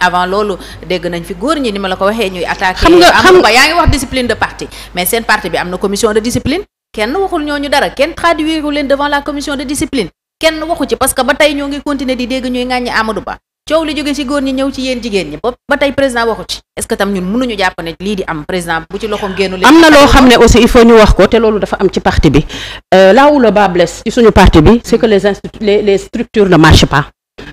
avant loolu dégg nañ fi góor ñi ni ma la ko waxee ñuy attaqué xam nga xam nga yaa ngi wax discipline de parti mais seen parti bi am na commission de discipline kenn waxul ñooñu dara kenn traduire leen devant la commission de discipline kenn waxu ci parce que ba tey ñoo ngi continuer di dégg ñuy ŋàññi Amadou Ba coow li jóge ci góor ñi ñëw ci yéen jigéen ñi ba ba tey président waxu ci est-ce que tam ñun mënuñu jàpp lii di am président bu ci loxoom génnu leen am na loo xam ne aussi il faut ñu wax ko te loolu dafa am euh, suñu parti mm. les institu les les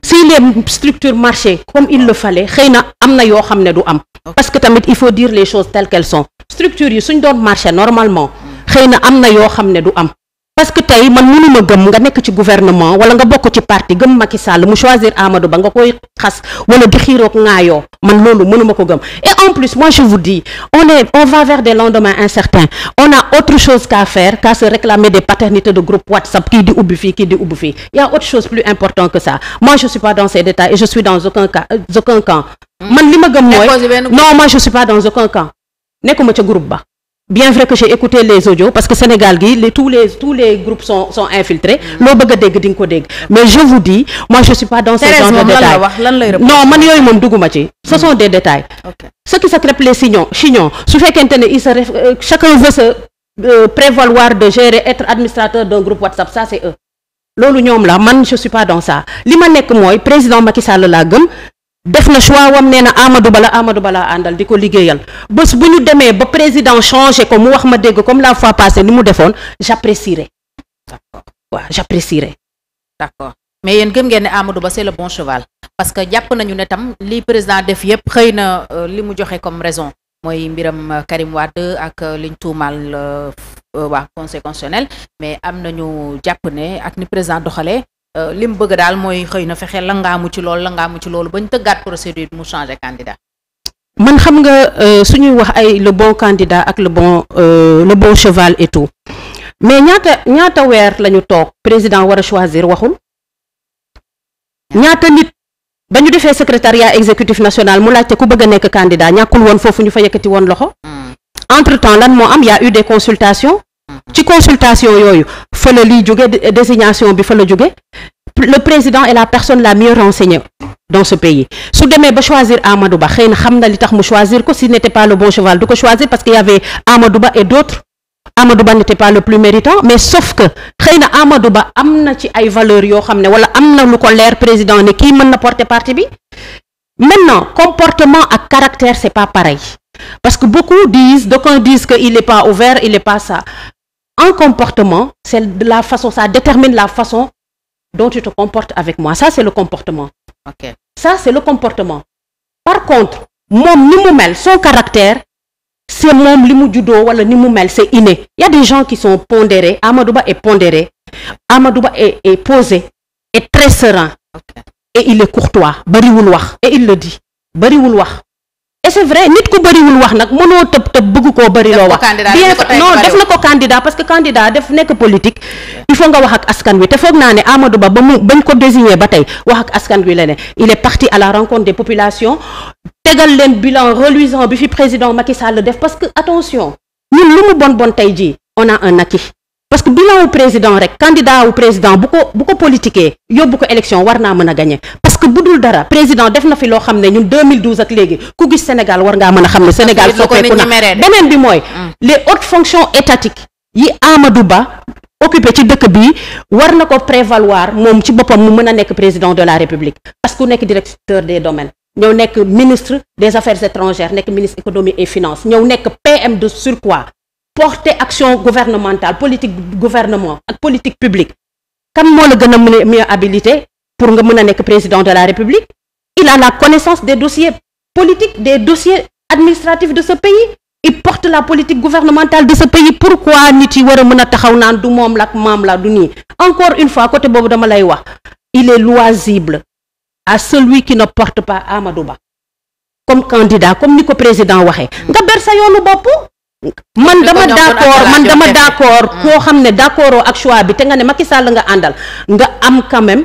si les structures marchaient comme il le fallait xëy na am na yoo xam ne du am parce que tamit il faut dire les choses telles qu'elles sont structures yi suñ doon marché normalement xëy na am na yoo xam ne du am parce que tey man mënuma gëm nga nekk ci gouvernement wala nga bokk ci parti gëm Macky Sall mu choisir Amadou Ba nga koy xas wala di xiiroog ŋaayoo man loolu mënuma ko gëm et en plus moi je vous dis on est on va vers des lendemains incertains on a autre chose qu'à faire qu'à se réclamer des paternités de groupe WhatsApp kii di ubbi fii kii di ubbi fii il a autre chose plus important que ça moi je suis pas dans ces détails et je suis dans aucun cas euh, hmm. man bien vrai que j'ai écouté les audios parce que Sénégal gi les tous les tous les groupes sont sont infiltrés mm. loo bëgg a dégg di nga ko dégg mais je vous dis moi je suis pas dans ce genre mm. des détails okay. ceux qui se crêpent les signons su fekkente ne il se ref euh, chacun veut se euh, prévaloir de gérer être administrateur d'un groupe WhatsApp ça c'est eux loolu ñoom la man je suis pas dans ça li ma nekk mooy président Macky Sall laa gëm def na choix wam nee na Amadou Ba la Amadou Ba laa àndal di ko liggéeyal bés bu ñu demee ba président changé ko mu wax ma dégg comme la fois passée ni mu defoon j'apprécierai. d'accord waaw j'apprécierai. d'accord mais yéen gëm ngeen ne Amadou Ba c'est le bon cheval. parce que jàpp nañu ne tam li président def yépp xëy na euh, li mu joxe comme raison mooy mbiram euh, Karim Wade ak euh, liñ tuumaal waa conseil constitutionnel mais am na ñu jàpp ne ak ni président doxalee. Euh, li mu bëgg daal mooy xëy na fexe la ngaamu ci loolu la ngaamu ci loolu bañ tëggaat procédure mu changé candidat. man xam nga euh, suñuy wax ay le bon candidat ak le bon euh, le bon cheval et tout mais ñaata ñaata weer lañu toog président war a choisir waxul ñaata nit ba ñu defee secrétariat exécutif national mu laajte ku bëgg nekk candidat ñàkkul woon foofu ñu fa yëkkati woon loxo. Hmm. entre temps lan moo am y eu des consultations. ci consultation yooyu fa la liy jóge désignation bi fa la jóge le président et la personne la mieux renseignée dans ce pays su demee ba choisir Amadou Ba xëy na xam na li tax mu choisir ko s'il n'était pas le bon cheval du ko choisir parce qu'il y avait Amadou Ba et d'autres Amadou Ba n'était pas le plus méritant mais sauf que xëy na Amadou Ba am na ci ay valeurs yoo xam ne wala am na lu ko leer président ne kii mën na porter parti bi maintenant comportement ak caractère c'est pas pareil parce que beaucoup disent d'aucuns disent que il est un comportement c'est de la façon ça détermine la façon dont tu te comportes avec moi ça c'est le comportement ok ça c'est le comportement par contre moom ni mu mel son caractère c'est moom li mu juddoo wala ni mu mel c'est inné il y a des gens qui sont pondérés Amadou est pondéré Amadou Ba est, est posé est très serein okay. et il est courtois bariwul wax et il le dit bariwul wax et c' est vrai nit ku bëriwul wax nag mënoo tëb tëb bëgg koo bëri loo wax bien non def na ko candidat parce que candidat def nekk politique il faut nga wax ak askan wi te foog naa ne Amadou Ba ba mu bañ ko désigné ba tey wax ak askan wi la ne il est parti à la rencontre des populations tegal leen bilan reluisant bi fi président Macky def parce que attention ñun lu mu bon bon tey jii on a un acquis parce que bilan wu président rek candidat wu président bu ko bu ko politiquee yóbbu ko élection war naa mën a gagné parce que bu dul dara président def na fi loo xam ne ñun 2012 ak léegi ku gis Sénégal war ngaa mën a xam ne Sénégal soppeeku na beneen bi mooy hmm. les hautes fonctions étatiques yi Amadou Ba occupé ci dëkk bi war na ko prévaloir moom ci boppam mu mën a nekk président de la République parce que ku nekk directeur des domaines ñëw nekk ministre des affaires étrangères nekk ministre économie et finance ñëw nekk PM porter action gouvernementale politique gouvernement ak politique publique kan moo la gën a mën a mieux habilité pour nga mën a nekk président de la république il a la connaissance des dossiers politiques des dossiers administratifs de sa pays il porte la politique gouvernementale de sa pays pourquoi nit yi war a mën a taxaw naan du moom la ak maam la du nii encore une fois côté boobu dama lay wax il est loisible à celui qui ne porte pas Amadou Ba comme candidat comme ni ko président waxee man dama d'accord man dama d'accord mm. koo xam ne d'accord ak choix bi te nga ne Macky Sall la nga àndal nga am quand même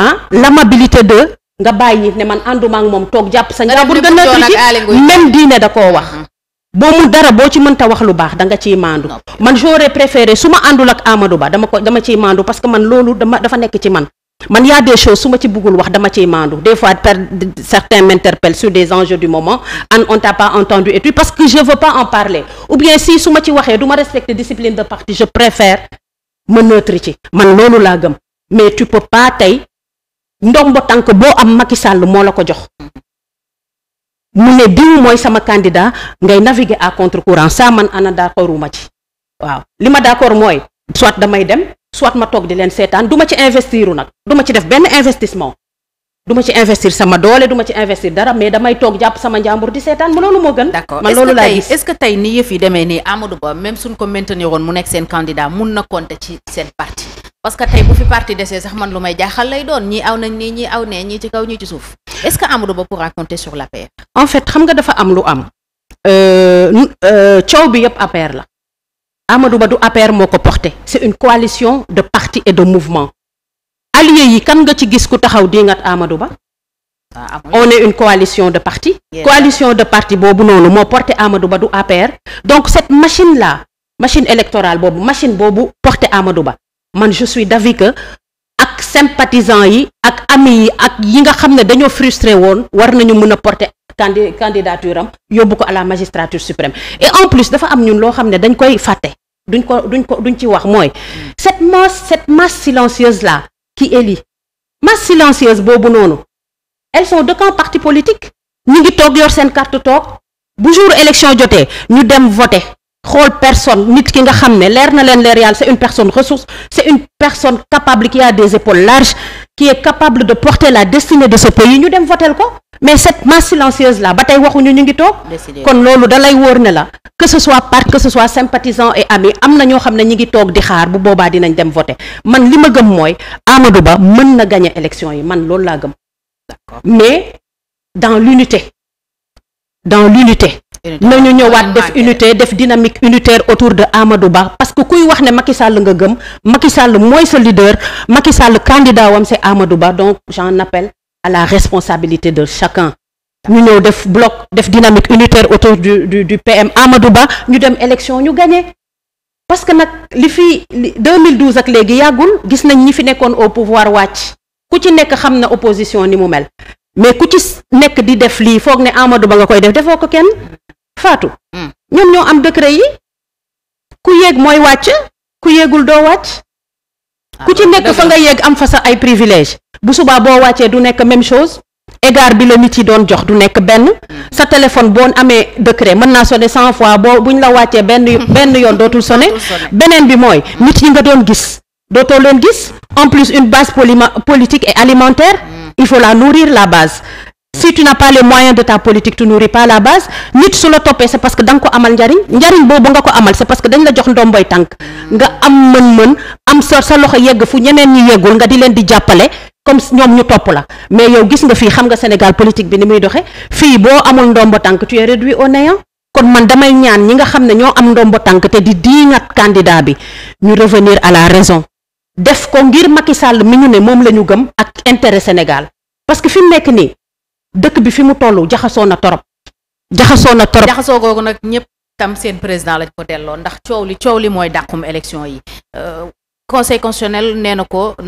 ah mm. l'amabilité de nga bàyyi ne man ànduma ak moom toog jàpp sa njaboot nga a même diine da koo wax mm. boo mu dara boo ci mënta wax lu baax da nga ciy maandu man j'aurais préféré su ma àndul ak Amadou Ba dama ko dama ciy maandu parce que man loolu dama dafa nekk ci man man y a des choses su ma ci bëggul wax dama ciy maandu des fois per certains m'interpellent sur des enjeux du moment an on t'a pas entendu et puis parce que je veux pas en parler ou bien si su ma ci waxee du ma respecter discipline de parti je préfère ma neutre ci man loolu laa gëm mais tu peux pas tey ndombo tànk boo am Macky Sall moo la ko jox mu ne diw mooy sama candidat ngay naviguer à contre courant ça man ana d'accorduma ci waaw li ma d'accord mooy soit damay dem soit ma toog di leen seetaan duma ma ci investiru nag du ma ci def benn investissement du ma ci investir sama doole duma ci investir dara mais damay toog jàpp sama njàmbur di seetaan ma loolu moo gën. d'accord man loolu laa gis est tey ni yëf yi demee nii Amadou Ba même suñ ko maintenir woon mu nekk seen candidat mun na compter ci seen parti parce que tey bu fi parti desee sax man lu may jaaxal lay doon ñii aw nañ nii ñii aw nee ñii ci kaw ñii ci suuf est-ce que Amadou Ba pourra compter sur l'APR. en fait xam nga dafa am lu am. Euh, euh, coow bi yëpp APR la. Amadou Ba du APR moo ko porté c'est une coalition de parti et de mouvements alliés yi kan nga ci gis ku taxaw dingat Amadou Ba ah, on est une coalition de parti yeah. coalition de parti boobu noonu moo porté Amadou Ba du APR donc cette machine la machine électorale boobu machine boobu porté Amadou Ba man je suis d'avis que ak sympathisants yi ak amis yi ak yi nga xam ne dañoo frustré woon war nañu mën a porter candi candidature am yóbbu ko à la magistrature suprême dafa am ñun loo xam ne dañ koy fàtte duñ ko duñ ko duñ ci wax mooy cette masse cette masse silencieuse là qui élit masse silencieuse boobu noonu elles sont de camp parti politique ñu ngi toog yor seen carte toog bu jour élection jotee ñu dem voter xool personne nit ki nga xam ne leer na leen leer yàlla c'est une personne ressource c'est une personne capable qui a des épaules larges qui est capable de porter la destinée de ce pays ñu dem votel ko mais cette masse silencieuse là ba tey waxuñu ñu ngi toog kon loolu da lay wóor ne la que ce soit parti que ce soit sympathisant et ami am na ñoo xam ne ñi ngi toog di xaar bu boobaa dinañ dem voter man li ma gëm mooy Amadou Ba mën na gagner élection yi man loolu laa gëm mais dans l'unité dans l'unité nañu ñëwaat def unité def dynamique unitaire autour de Amadou Ba parce que kuy wax ne Macky Sall nga gëm Macky Sall mooy sa leader Macky Sall candidat wam c'est Amadou Ba donc j'en appelle à la responsabilité de chacun ñu ñëw def bloc def dynamique unitaire autour du du du PM Amadou Ba ñu dem élection ñu gagné parce que nag li fi 2012 ak léegi yàggul gis nañ ñi fi nekkoon au pouvoir wàcc ku ci nekk xam na opposition ni mu mel mais ku ci nekk di def lii foog ne Amadou Ba nga koy def defoo ko kenn faatu hmm. ñoom ñoo am décret yi ku yéeg mooy wàcc ku yéegul doo wàcc. Ah, ku ci nekk fa nga yéeg am fa sa ay privilège bu subaa boo wàccee du nekk même chose égard bi la nit yi doon jox du nekk benn hmm. sa téléphone boo amee décret mën naa sonné cent fois boo buñ la wàccee benn benn yoon dootul sonné beneen bi mooy hmm. nit yi nga doon gis dootoo leen gis en plus une base politique et alimentaire il faut la nourir la base si na n'as pas les moyens de ta politique tu nourris pas la base nit su la toppee c'est parce que da ko amal njariñ njariñ boobu nga ko amal c'est parce que dañ la jox ndomboy tànk nga am mën-mën am sa sa loxo yegg fu ñeneen ñi yeggul nga di leen di jàppale comme ñoom ñu topp la mais yow gis nga fii xam nga Sénégal politique bi ni muy doxe fii boo amul ndombo tànk tu es réduit au néant kon man damay ñaan ñi nga xam ne ñoo am ndombo tànk te di diingat candidat bi ñu revenir à la raison def ko ngir Macky Sall mi ñu ne moom la ñu gëm ak intérêt Sénégal parce que fi mu nekk nii dëkk bi fi mu toll jaxasoo na torop jaxasoo na torop jaxasoo kooku nag ñëpp tam seen président lañ ko delloo ndax coow li coow li mooy dàqum élection yi euh, conseil constitutionnel nee na ko